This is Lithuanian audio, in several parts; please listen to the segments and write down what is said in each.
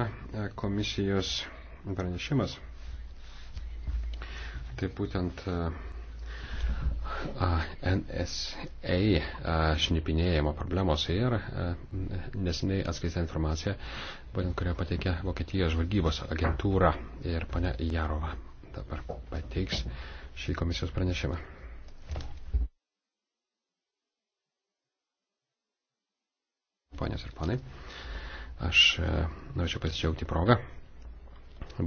E, komisijos pranešimas. Tai būtent NSA e, šnipinėjimo problemos ir e, nesiniai atskleista informacija, būtent kurią pateikė Vokietijos žvalgybos agentūra ir pane Jarova dabar pateiks šį komisijos pranešimą. Ponios ir ponai. Aš e, norėčiau pasidžiaugti progą,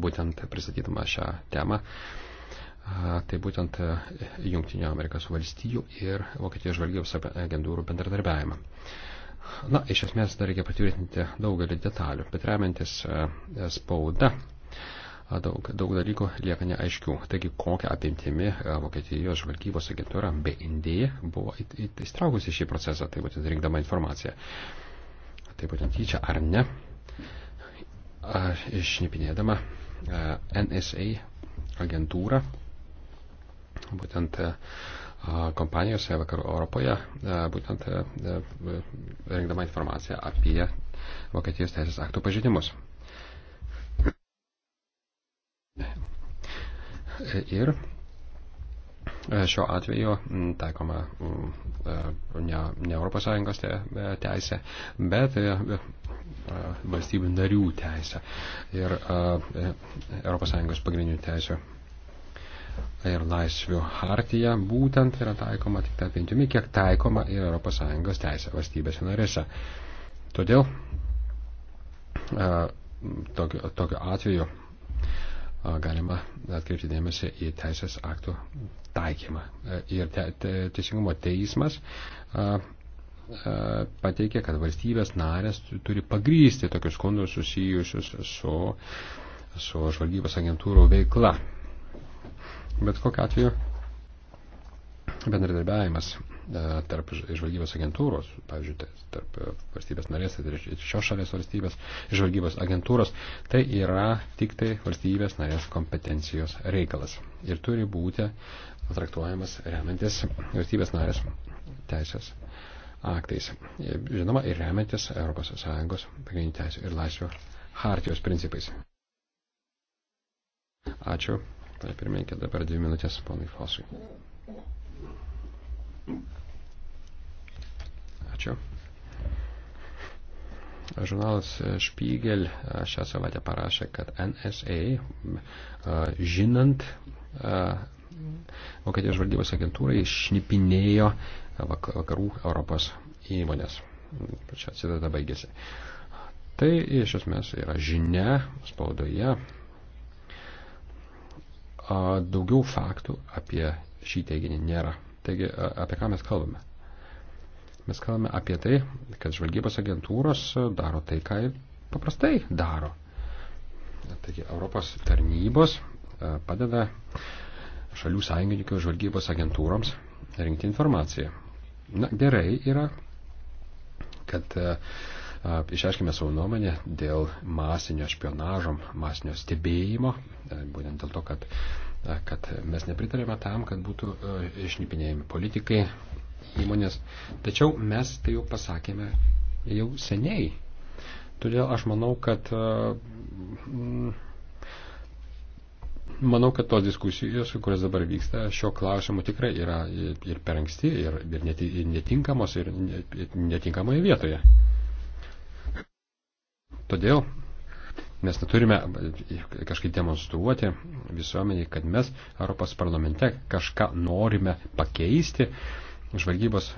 būtent pristatydama šią temą. Tai būtent e, Junktinio Amerikos valstijų ir Vokietijos žvalgybos agentūrų bendradarbiavimą. Na, iš esmės dar reikia patvirtinti daugelį detalių, bet remiantis e, spauda, daug, daug dalykų lieka neaiškių. Taigi, kokią apimtimi Vokietijos žvalgybos agentūra bei Indija buvo įstraukusi šį procesą, tai būtent rinkdama informaciją taip būtent tyčia ar ne, išnipinėdama NSA agentūrą, būtent kompanijose vakarų Europoje, būtent rengdama informaciją apie Vokietijos teisės aktų pažeidimus. Ir Šiuo atveju mm, taikoma mm, e, ne, ne ES e, teisė, bet e, valstybių narių teisė ir ES pagrindinių teisė ir laisvių hartija būtent yra taikoma tik tą apimtimi, kiek taikoma ir ES teisė valstybėse narėse. Todėl tokiu, tokiu atveju galima atkreipti dėmesį į teisės aktų taikymą. E, ir te, te, teisingumo teismas a, a, pateikė, kad valstybės narės turi pagrysti tokius skundus susijusius su, su žvalgybos agentūrų veikla. Bet kokiu atveju bendradarbiavimas E, tarp žvalgybos agentūros, pavyzdžiui, tai tarp valstybės narės ir šios šalies valstybės žvalgybos agentūros, tai yra tik tai valstybės narės kompetencijos reikalas ir turi būti traktuojamas remiantis valstybės narės teisės aktais. Žinoma, ir remiantis ES pagrindinių teisų ir laisvių hartijos principais. Ačiū. Pane pirmininkė, dabar dvi minutės ponui Fosui. Ačiū. Žurnalas Špygel šią savaitę parašė, kad NSA, žinant Vokietijos žvalgybos agentūrai, šnipinėjo vakarų Europos įmonės. Čia citata baigėsi. Tai iš esmės yra žinia spaudoje. Daugiau faktų apie šį teiginį nėra. Taigi, apie ką mes kalbame? Mes kalbame apie tai, kad žvalgybos agentūros daro tai, ką ir paprastai daro. Taigi Europos tarnybos e, padeda šalių sąjungininkų žvalgybos agentūroms rinkti informaciją. Na, gerai yra, kad e, išaiškime savo nuomonę dėl masinio špionažo, masinio stebėjimo, e, būtent dėl to, kad, kad mes nepritarėme tam, kad būtų išnipinėjami politikai, įmonės. Tačiau mes tai jau pasakėme jau seniai. Todėl aš manau, kad mm, manau, kad tos diskusijos, kurios dabar vyksta, šio klausimu tikrai yra ir per anksti, ir, ir netinkamos, ir netinkamoje vietoje. Todėl mes neturime kažkaip demonstruoti visuomeniai, kad mes Europos parlamente kažką norime pakeisti, uh, žvalgybos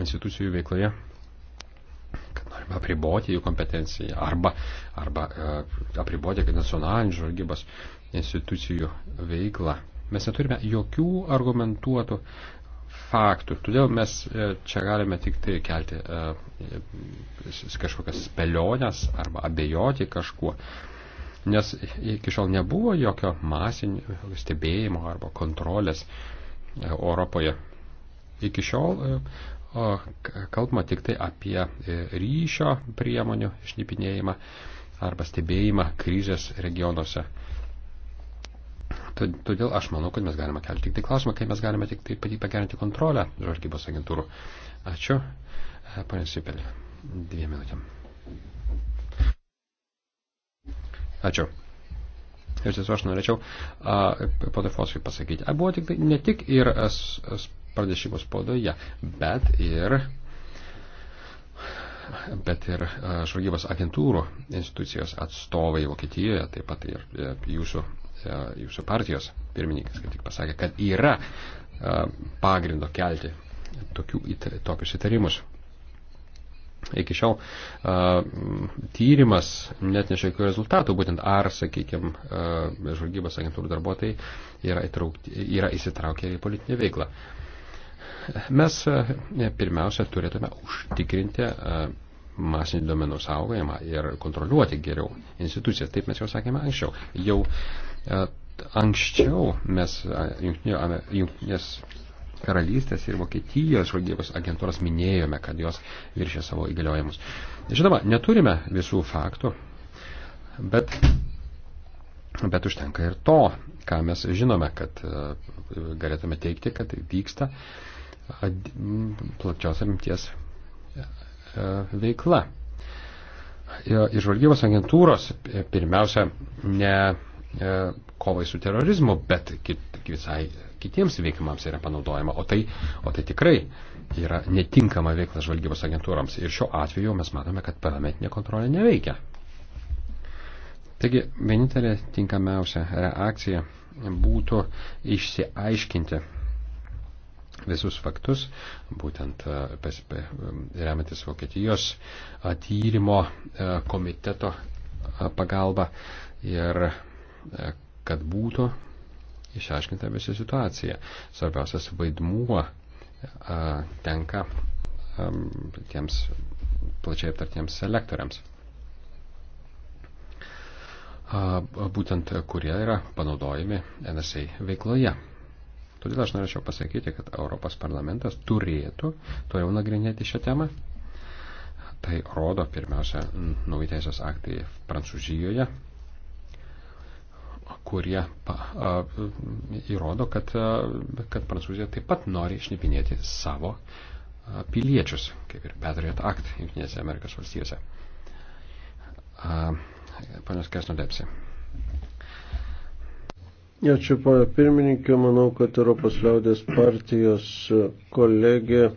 institucijų veikloje, kad norime apriboti jų kompetenciją arba, arba e, apriboti nacionalinių žvalgybos institucijų veiklą. Mes neturime jokių argumentuotų faktų. Todėl mes e, čia galime tik tai kelti e, kažkokias spėlionės arba abejoti kažkuo. Nes iki šiol nebuvo jokio masinio stebėjimo arba kontrolės Europoje Iki šiol e, kalbama tik tai apie e, ryšio priemonių šnipinėjimą arba stebėjimą krizės regionuose. Todėl aš manau, kad mes galime kelti tik tai klausimą, kaip mes galime tik tai pagerinti kontrolę žvalgybos agentūrų. Ačiū, e, ponė Sipelė. Dviem minutėm. Ačiū. Iš tiesų aš norėčiau ponui Fosui pasakyti. A, buvo tik tai, ne tik ir as, as, pranešimus spaudoje, bet ir bet ir e, žvalgybos agentūrų institucijos atstovai Vokietijoje, taip pat ir e, jūsų, e, jūsų partijos pirmininkas, kaip tik pasakė, kad yra pagrindo kelti tokių, tokius įtarimus. Iki šiol tyrimas net nešia jokių rezultatų, būtent ar, sakykime, žvalgybos agentūrų darbuotojai yra, įtraukti, yra įsitraukę į politinę veiklą. A, Mes e, pirmiausia turėtume užtikrinti e, masinį domenų saugojimą ir kontroliuoti geriau institucijas. Taip mes jau sakėme anksčiau. Jau e, anksčiau mes jungtinės karalystės ir Vokietijos žvalgybos agentūros minėjome, kad jos viršė savo įgaliojimus. Žinoma, neturime visų faktų, bet Bet užtenka ir to, ką mes žinome, kad e, galėtume teikti, kad vyksta plačios rimties e, e, veikla. Ir žvalgybos agentūros pirmiausia ne kovai su terorizmu, bet kit, visai kitiems veikimams yra panaudojama. O tai, o tai tikrai yra netinkama veikla žvalgybos agentūrams. Ir šiuo atveju mes matome, kad parlamentinė kontrolė neveikia. Taigi, vienintelė tinkamiausia reakcija būtų išsiaiškinti visus faktus, būtent e, e, remiantis Vokietijos e, tyrimo komiteto pagalba ir kad būtų išaiškinta visa situacija. Svarbiausias vaidmuo tenka tiems plačiai aptartiems selektoriams būtent kurie yra panaudojami NSA veikloje. Todėl aš norėčiau pasakyti, kad Europos parlamentas turėtų toliau nagrinėti šią temą. Tai rodo pirmiausia nauji teisės aktai Prancūzijoje, kurie pa, a, įrodo, kad, a, kad Prancūzija taip pat nori išnipinėti savo a, piliečius, kaip ir Patriot Act Junktinėse Amerikos valstijose. A, Panas Kesnodepsi. Ačiū, pana pirmininkė. Manau, kad Europos liaudės partijos kolegė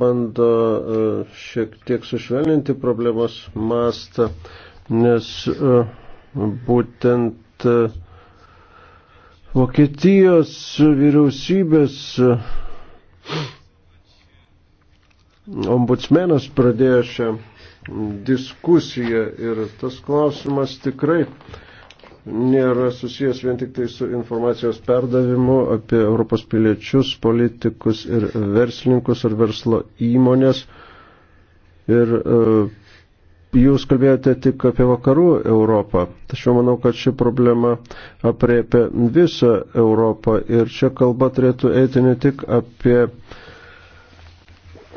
bando e, šiek tiek sušvelninti problemos mastą, nes e, būtent e, Vokietijos vyriausybės ombudsmenas pradėjo šią diskusiją ir tas klausimas tikrai nėra susijęs vien tik tai su informacijos perdavimu apie Europos piliečius, politikus ir verslininkus ar verslo įmonės. Ir uh, jūs kalbėjote tik apie vakarų Europą, tačiau manau, kad ši problema apriepia visą Europą ir čia kalba turėtų eiti ne tik apie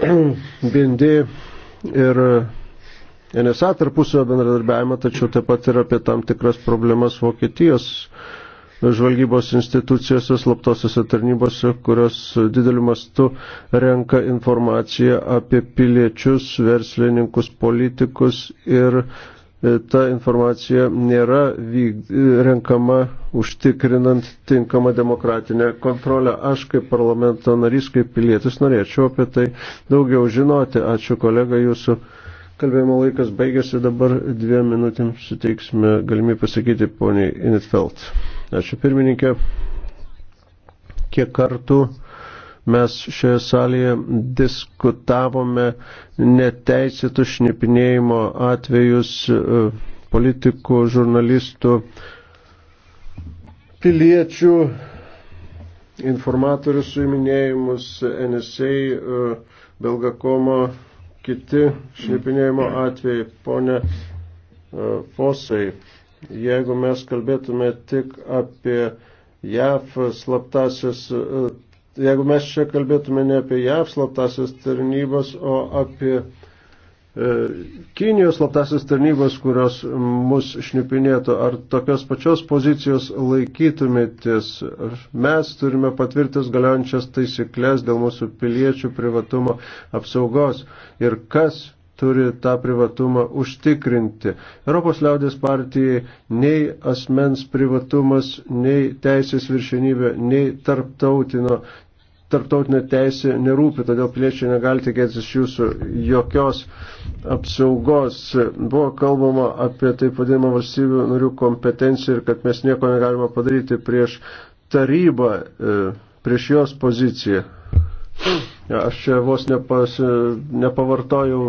bendį ir uh, NSA tarpusio bendradarbiavimą, tačiau taip pat ir apie tam tikras problemas Vokietijos žvalgybos institucijose, slaptosiose tarnybose, kurios dideliu mastu renka informaciją apie piliečius, verslininkus, politikus ir e, ta informacija nėra vyk, renkama užtikrinant tinkamą demokratinę kontrolę. Aš kaip parlamento narys, kaip pilietis norėčiau apie tai daugiau žinoti. Ačiū kolega jūsų Kalbėjimo laikas baigėsi, dabar dviem minutėm suteiksime galimybę pasakyti poniai Initfeld. Ačiū pirmininkė. Kiek kartų mes šioje salėje diskutavome neteisėtų šnipinėjimo atvejus e, politikų, žurnalistų, piliečių, informatorių suiminėjimus NSA, e, Belgakomo kiti šnipinėjimo atvejai. Pone e, Fosai, jeigu mes kalbėtume tik apie JAF slaptasias, e, jeigu mes čia kalbėtume ne apie JAF slaptasias tarnybas, o apie E, Kinijos slaptasis tarnybos, kurios mus šnipinėtų, ar tokios pačios pozicijos laikytumėtės? Mes turime patvirtis galiojančias taisyklės dėl mūsų piliečių privatumo apsaugos ir kas turi tą privatumą užtikrinti. Europos liaudės partijai nei asmens privatumas, nei teisės viršenybė, nei tarptautino tarptautinė teisė nerūpi, todėl piliečiai negali tikėtis jūsų jokios apsaugos. Buvo kalbama apie taip vadinamą valstybių narių kompetenciją ir kad mes nieko negalime padaryti prieš tarybą, e, prieš jos poziciją. Aš čia vos nepas, e, nepavartojau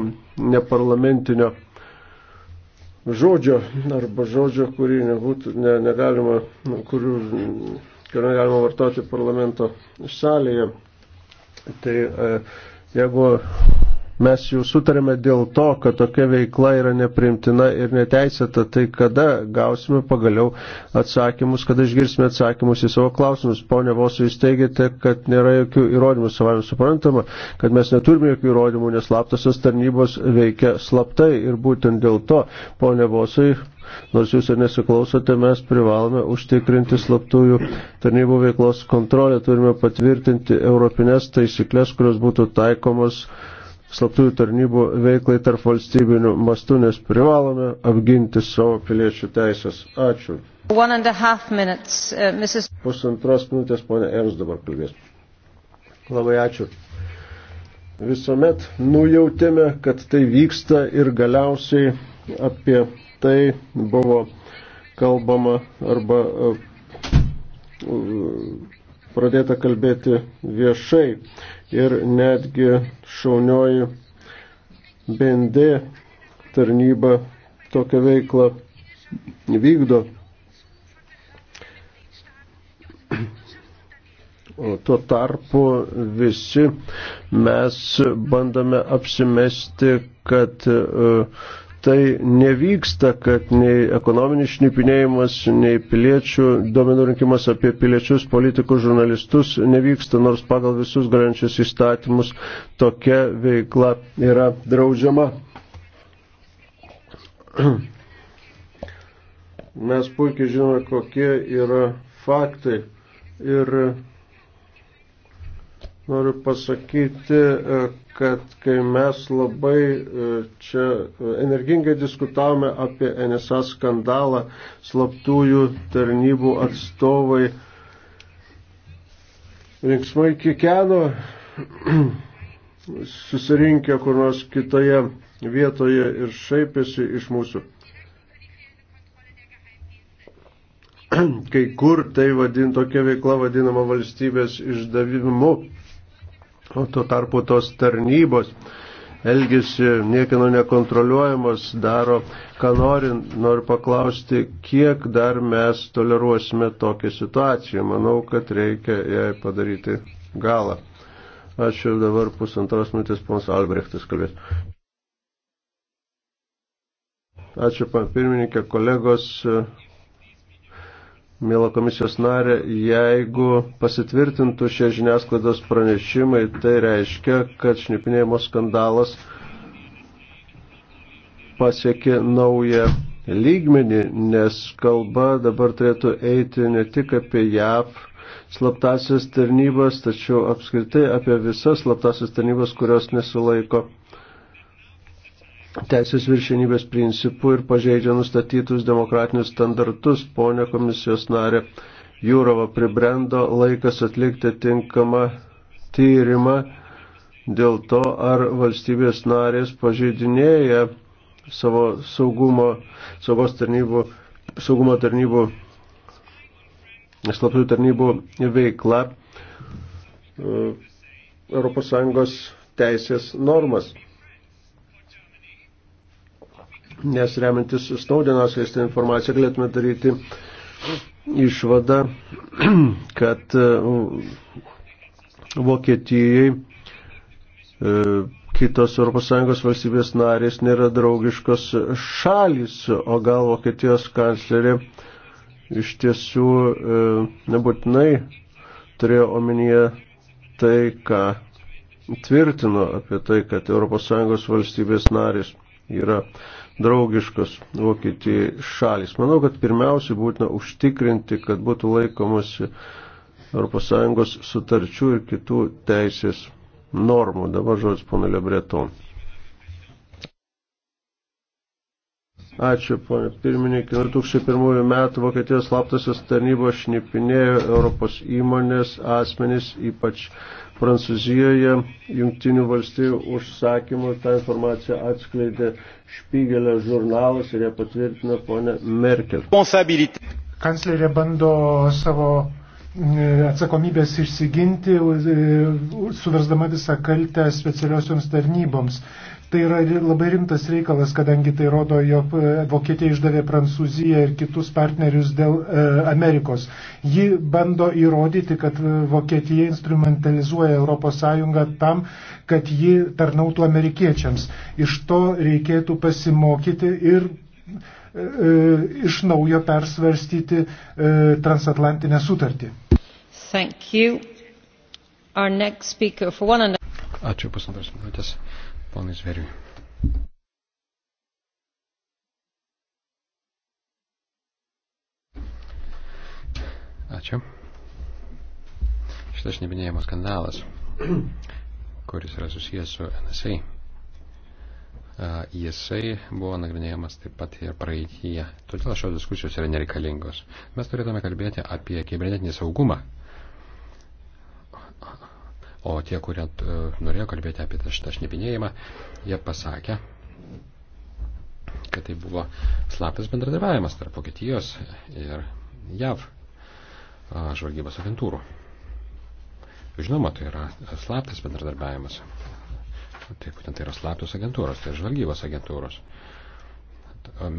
neparlamentinio žodžio arba žodžio, kurį nebūtų, ne, negalima, kurių kurio galima vartoti parlamento salėje. Tai e, jeigu mes jau sutarėme dėl to, kad tokia veikla yra neprimtina ir neteisėta, tai kada gausime pagaliau atsakymus, kada išgirsime atsakymus į savo klausimus. Pone Vosu, jūs teigiate, kad nėra jokių įrodymų, savai suprantama, kad mes neturime jokių įrodymų, nes slaptosios tarnybos veikia slaptai ir būtent dėl to, pone Vosu, Nors jūs ir nesiklausote, mes privalome užtikrinti slaptųjų tarnybų veiklos kontrolę, turime patvirtinti europinės taisyklės, kurios būtų taikomos uh, slaptųjų tarnybų veiklai tarp valstybinių mastų, nes privalome apginti savo piliečių teisės. Ačiū. Minutes, uh, Mrs... Pusantros minutės, ponė Ems dabar kalbės. Labai ačiū. Visuomet nujautėme, kad tai vyksta ir galiausiai apie tai buvo kalbama arba uh, pradėta kalbėti viešai ir netgi šaunioji bendė tarnyba tokią veiklą vykdo. O tuo tarpu visi mes bandome apsimesti, kad uh, tai nevyksta, kad nei ekonominis šnipinėjimas, nei piliečių duomenų rinkimas apie piliečius, politikus, žurnalistus nevyksta, nors pagal visus galiančius įstatymus tokia veikla yra draudžiama. Mes puikiai žinome, kokie yra faktai ir Noriu pasakyti, e, kad kai mes labai e, čia e, energingai diskutavome apie NSA skandalą, slaptųjų tarnybų atstovai rinksmai kikeno susirinkę kur nors kitoje vietoje ir šaipėsi iš mūsų. Kai kur tai vadin, tokia veikla vadinama valstybės išdavimu O tuo tarpu tos tarnybos elgesi niekino nekontroliuojamos, daro, ką nori. Noriu paklausti, kiek dar mes toleruosime tokią situaciją. Manau, kad reikia jai padaryti galą. Ačiū dabar pusantros minutės, ponas Albrechtas kalbės. Ačiū, pirmininkė, kolegos, Mėla komisijos narė, jeigu pasitvirtintų šie žiniasklaidos pranešimai, tai reiškia, kad šnipinėjimo skandalas pasiekė naują lygmenį, nes kalba dabar turėtų eiti ne tik apie JAV slaptasias tarnybas, tačiau apskritai apie visas slaptasias tarnybas, kurios nesilaiko teisės viršenybės principų ir pažeidžia nustatytus demokratinius standartus. Pone komisijos narė Jūrova pribrendo laikas atlikti tinkamą tyrimą dėl to, ar valstybės narės pažeidinėja savo saugumo, saugos tarnybų, saugumo tarnybų, slaptųjų tarnybų veikla ES teisės normas nes remiantis Snaudenos leistą informaciją galėtume daryti išvadą, kad uh, Vokietijai uh, kitos ES valstybės narės nėra draugiškos šalis, o gal Vokietijos kanclerė iš tiesų uh, nebūtinai turėjo omenyje tai, ką tvirtino apie tai, kad ES valstybės narės yra draugiškos Vokietijai šalis. Manau, kad pirmiausia būtina užtikrinti, kad būtų laikomasi ES sutarčių ir kitų teisės normų. Dabar žodis pana Lebreton. Ačiū, ponė pirmininkė. 2001 metų Vokietijos slaptasios tarnybos šnipinėjo Europos įmonės asmenys, ypač Prancūzijoje jungtinių valstybių užsakymų tą informaciją atskleidė Špygelio žurnalas ir ją patvirtino ponė Merkel. Kanclerė bando savo e, atsakomybės išsiginti, e, suversdama visą kaltę specialiosioms tarnyboms. Tai yra labai rimtas reikalas, kadangi tai rodo, jog e, Vokietija išdavė Prancūziją ir kitus partnerius dėl e, Amerikos. Ji bando įrodyti, kad e, Vokietija instrumentalizuoja ES tam, kad ji tarnautų amerikiečiams. Iš to reikėtų pasimokyti ir e, e iš naujo persvarstyti e, transatlantinę sutartį. Ačiū pusantros minutės ponui Zveriui. Ačiū. Šitas šnebinėjimo skandalas, kuris yra susijęs su NSA, jisai buvo nagrinėjamas taip pat ir praeityje. Todėl šios diskusijos yra nereikalingos. Mes turėtume kalbėti apie kibernetinį saugumą O tie, kurie e, norėjo kalbėti apie šitą šnipinėjimą, jie pasakė, kad tai buvo slaptas bendradarbiavimas tarp Vokietijos ir JAV žvalgybos agentūrų. Žinoma, tai yra slaptas bendradarbiavimas. Tai būtent tai yra slaptos agentūros, tai žvalgybos agentūros.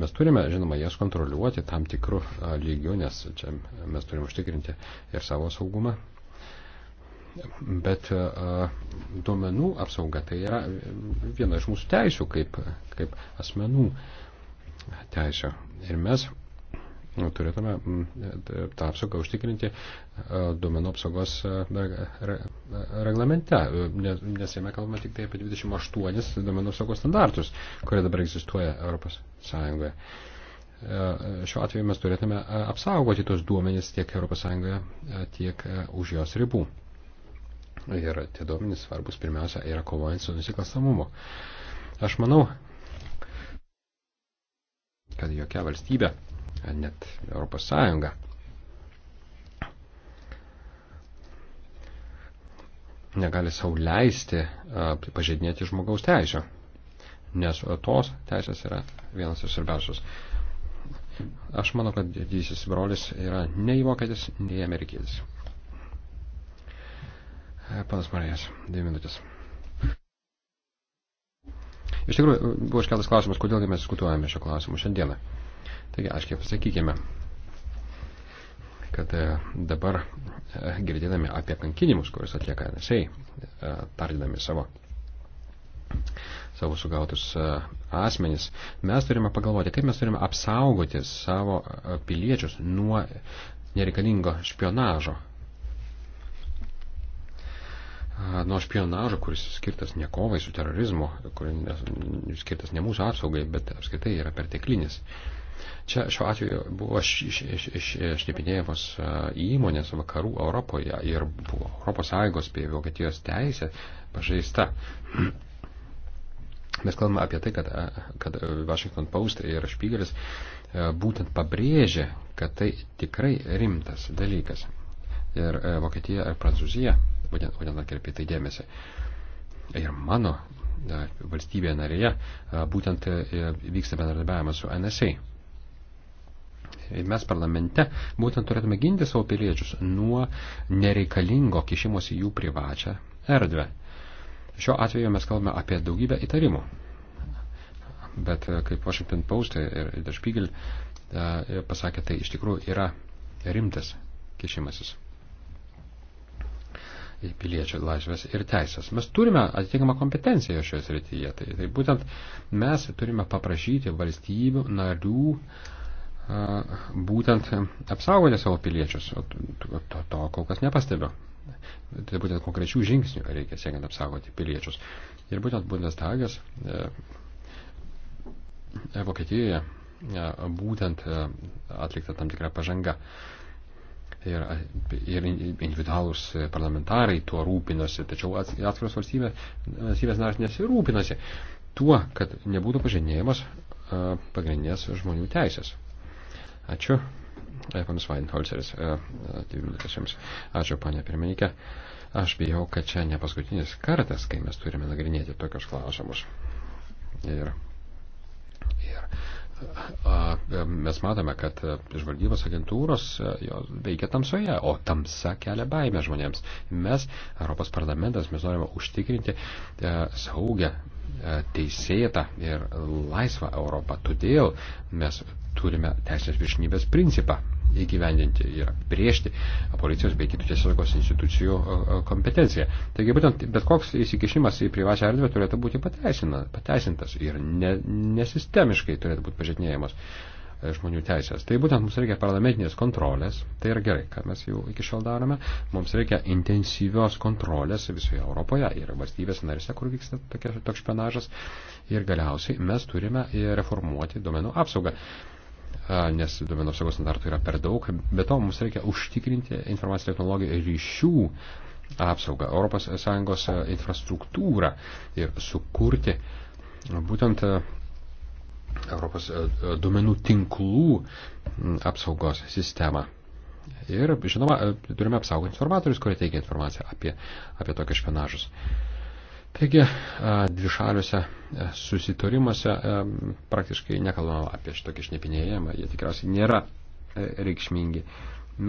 Mes turime, žinoma, jas kontroliuoti tam tikrų lygių, nes čia mes turime užtikrinti ir savo saugumą, Bet e, duomenų apsauga tai yra viena iš mūsų teisių kaip, kaip asmenų teisė. Ir mes turėtume tą apsaugą užtikrinti e, duomenų apsaugos e, reglamente, nes jame kalbame tik tai apie 28 duomenų apsaugos standartus, kurie dabar egzistuoja Europos Sąjungoje. Šiuo atveju mes turėtume apsaugoti tos duomenys tiek Europos Sąjungoje, tiek už jos ribų. Ir tie duomenys svarbus pirmiausia yra kovojant su nusikalstamumu. Aš manau, kad jokia valstybė, net Europos Sąjunga, negali savo leisti pažeidinėti žmogaus teisę, nes tos teisės yra vienas iš svarbiausios. Aš manau, kad didysis brolis yra nei vokietis, nei amerikietis. E, Panas Marijas, dvi minutės. Iš tikrųjų, buvo iškeltas klausimas, kodėl mes diskutuojame šio klausimu šiandieną. Taigi, aiškiai pasakykime, kad e, dabar e, girdėdami apie kankinimus, kuris atlieka NSA, tardydami savo, savo sugautus asmenys, mes turime pagalvoti, kaip mes turime apsaugoti savo piliečius nuo nereikalingo špionažo nuo špionažo, kuris skirtas ne kovai su terorizmu, kuris skirtas ne mūsų apsaugai, bet apskritai yra perteklinis. Čia šiuo atveju buvo šnipinėjamos įmonės vakarų Europoje ir buvo Europos Sąjungos bei Vokietijos teisė pažeista. Mes kalbame apie tai, kad, kad Washington Post ir Špygelis būtent pabrėžė, kad tai tikrai rimtas dalykas. Ir Vokietija ir Prancūzija būtent, būtent atkreipė tai dėmesį. Ir mano valstybėje narėje būtent e, vyksta bendradarbiavimas su NSA. Ir mes parlamente būtent turėtume ginti savo piliečius nuo nereikalingo kišimosi jų privačią erdvę. Šiuo atveju mes kalbame apie daugybę įtarimų. Bet e, kaip Washington Post ir Der Spiegel e, pasakė, tai iš tikrųjų yra rimtas kišimasis piliečių laisvės ir teisės. Mes turime atitinkamą kompetenciją šioje srityje. Tai, tai būtent mes turime paprašyti valstybių narių būtent apsaugoti savo piliečius. O to, to, to kol kas nepastebiu. Tai būtent konkrečių žingsnių reikia siekiant apsaugoti piliečius. Ir būtent Bundestagas e, e Vokietijoje e, būtent e, atlikta tam tikra pažanga. Tai ir, ir individualūs parlamentarai tuo rūpinosi, tačiau atskiros valstybės, valstybės narės nesirūpinosi tuo, kad nebūtų pažinėjimas pagrindinės žmonių teisės. Ačiū. Evanas Weinholzeris, dvi tai minutės jums. Ačiū, panė pirmininkė. Aš bijau, kad čia ne paskutinis kartas, kai mes turime nagrinėti tokius klausimus. Ir, ir E, mes matome, kad e, žvalgybos agentūros e, jos veikia tamsoje, o tamsa kelia baimę žmonėms. Mes, Europos parlamentas, mes norime užtikrinti saugę, teisėtą ir laisvą Europą. Todėl mes turime teisės viršnybės principą įgyvendinti ir apibriežti policijos bei kitų tiesiogos institucijų e, e, kompetenciją. Taigi būtent bet koks įsikišimas į privačią erdvę turėtų būti pateisintas ir ne, nesistemiškai turėtų būti pažeidinėjimas e, žmonių teisės. Tai būtent mums reikia parlamentinės kontrolės, tai yra gerai, ką mes jau iki šiol darome, mums reikia intensyvios kontrolės visoje Europoje ir valstybės narėse, kur vyksta tokie, toks špenažas ir galiausiai mes turime reformuoti domenų apsaugą nes duomenų apsaugos standartų yra per daug. Be to, mums reikia užtikrinti informacinių technologijų ryšių apsaugą, ES infrastruktūrą ir sukurti būtent Europos duomenų tinklų apsaugos sistemą. Ir, žinoma, turime apsaugoti informatorius, kurie teikia informaciją apie, apie tokius špenažus. Uh, Taigi, dvišaliuose e, susitarimuose e, praktiškai nekalbama apie šitokį šnipinėjimą, jie tikriausiai nėra e, reikšmingi.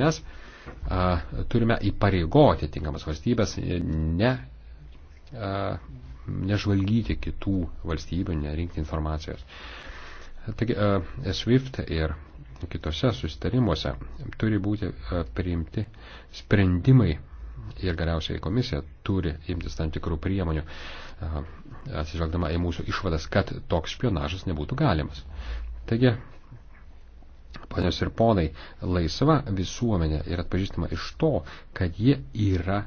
Mes a, turime įpareigoti tinkamas valstybės, ne, a, nežvalgyti kitų valstybių, nerinkti informacijos. Taigi, a, SWIFT ir kitose susitarimuose turi būti a, priimti sprendimai ir galiausiai komisija turi imtis tam tikrų priemonių, atsižvelgdama į mūsų išvadas, kad toks špionažas nebūtų galimas. Taigi, ponios ir ponai, laisva visuomenė yra atpažįstama iš to, kad ji yra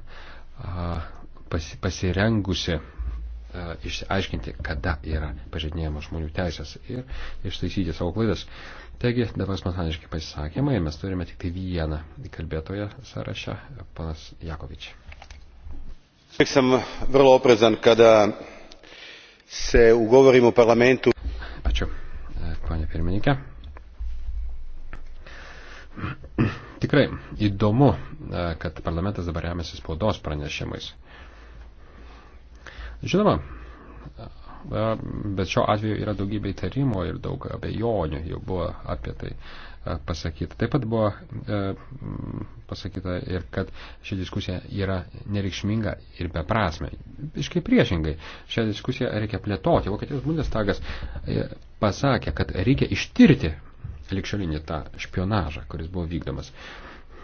pasirengusi E, išsiaiškinti, kada yra pažeidinėjamos žmonių teisės ir ištaisyti savo klaidas. Taigi, dabar spontaniški pasisakymai, mes turime tik tai vieną kalbėtoją sąrašą, panas Jakovič. Uvijek sam vrlo oprezan kada se ugovorim u parlamentu. Ačiū, e, ponė pirmininkė. Tikrai įdomu, e, kad parlamentas dabar remiasi spaudos pranešimais. Žinoma, e, bet šiuo atveju yra daugybė įtarimo ir daug abejonių jau buvo apie tai e, pasakyta. Taip pat buvo e, pasakyta ir, kad ši diskusija yra nereikšminga ir beprasme. Iškai priešingai, šią diskusiją reikia plėtoti. Vokietijos Bundestagas pasakė, kad reikia ištirti likščiolinį tą špionažą, kuris buvo vykdomas.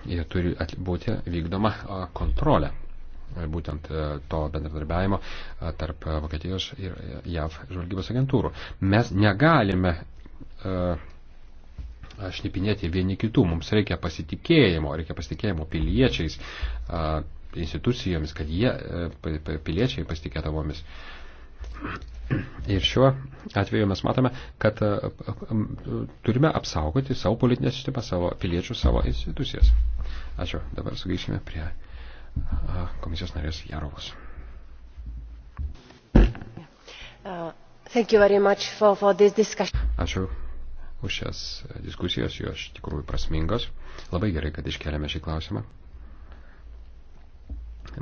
Ir turi būti vykdoma kontrolė. E, būtent e, to bendradarbiavimo e, tarp Vokietijos ir JAV žvalgybos agentūrų. Mes negalime šnipinėti vieni kitų, mums reikia pasitikėjimo, reikia pasitikėjimo piliečiais, institucijomis, kad jie, piliečiai pasitikėtų mumis. Ir šiuo atveju mes matome, kad turime apsaugoti savo politinę sistemą, savo piliečių, savo institucijas. Ačiū. Dabar sugrįžkime prie komisijos narės Jarovas. Uh, for, for Ačiū už šias diskusijos, jos iš tikrųjų prasmingos. Labai gerai, kad iškeliame šį klausimą.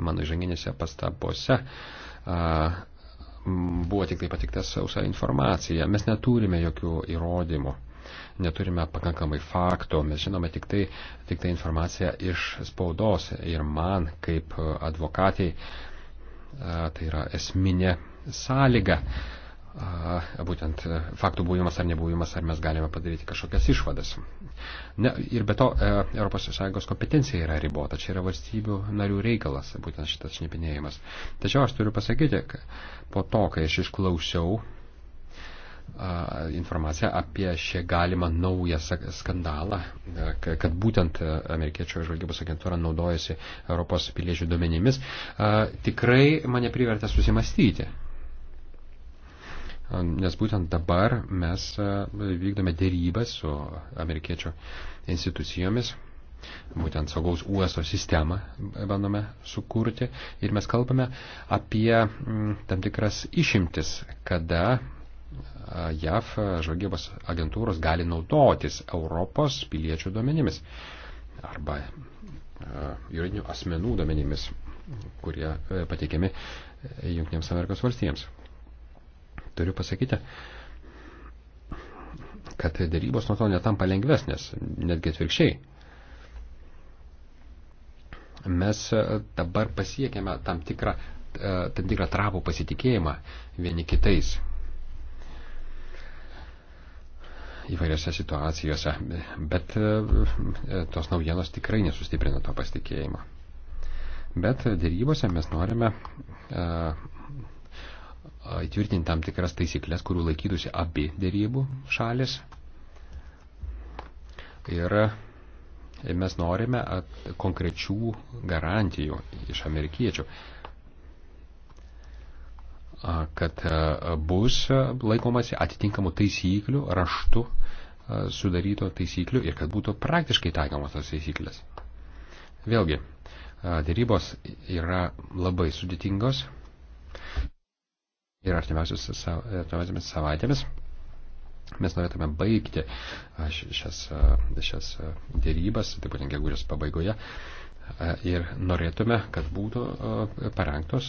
Mano žanginėse pastabose a, buvo tik tai patikta sausa informacija. Mes neturime jokių įrodymų neturime pakankamai faktų, mes žinome tik tai, tik tai informaciją iš spaudos ir man kaip e, advokatiai e, tai yra esminė sąlyga. E, būtent faktų buvimas ar nebuvimas, ar mes galime padaryti kažkokias išvadas. Ne, ir be to, ES kompetencija yra ribota, čia yra valstybių narių reikalas, būtent šitas šnipinėjimas. Tačiau aš turiu pasakyti, po to, kai aš išklausiau informaciją apie šią galimą naują skandalą, kad būtent amerikiečių žvalgybos agentūra naudojasi Europos piliečių duomenimis, tikrai mane privertė susimastyti. Nes būtent dabar mes vykdome dėrybą su amerikiečių institucijomis, būtent saugaus uosto sistemą bandome sukurti ir mes kalbame apie tam tikras išimtis, kada JAF žvalgybos agentūros gali naudotis Europos piliečių duomenimis arba e, juridinių asmenų duomenimis, kurie e, pateikiami e, Junktinėms Amerikos valstijams. Turiu pasakyti, kad darybos nuo to netampa lengvesnės, netgi atvirkščiai. Mes dabar pasiekėme tam tikrą, tam tikrą trapų pasitikėjimą vieni kitais. įvairiose situacijose, bet e, e, tos naujienos tikrai nesustiprina to pasitikėjimo. Bet dėrybose mes norime e, įtvirtinti tam tikras taisyklės, kurių laikytųsi abi dėrybų šalis. Ir mes norime konkrečių garantijų iš amerikiečių, kad bus laikomasi atitinkamų taisyklių, raštų sudaryto taisyklių ir kad būtų praktiškai taikomos tos taisyklės. Vėlgi, dėrybos yra labai sudėtingos ir artimiausiamis savaitėmis mes norėtume baigti šias, šias dėrybas, taip būtent gegužės pabaigoje. E, ir norėtume, kad būtų e, parengtos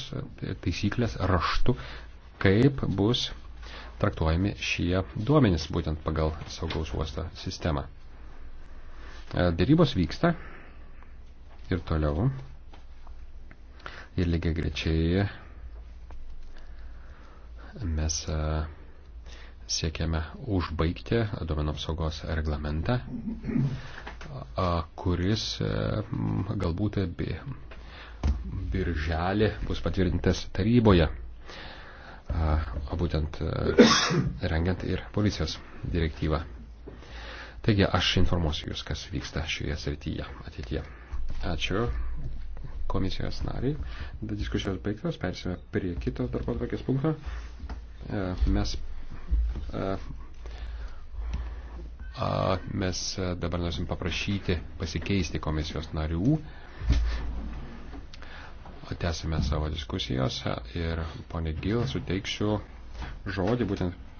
taisyklės raštu, kaip bus traktuojami šie duomenys būtent pagal saugaus uosto sistemą. E, dėrybos vyksta ir toliau. Ir lygiai grečiai mes siekiame užbaigti duomenų apsaugos reglamentą, kuris e, galbūt birželį bus patvirtintas taryboje, būtent e, rengiant ir policijos direktyvą. Taigi aš informuosiu Jūs, kas vyksta šioje srityje ateityje. Ačiū komisijos nariai. Diskusijos baigtos, persime prie kito darbo tokės punkto. E, mes Mes dabar norim paprašyti pasikeisti komisijos narių. Tęsime savo diskusijos ir ponė Gil suteiksiu žodį būtent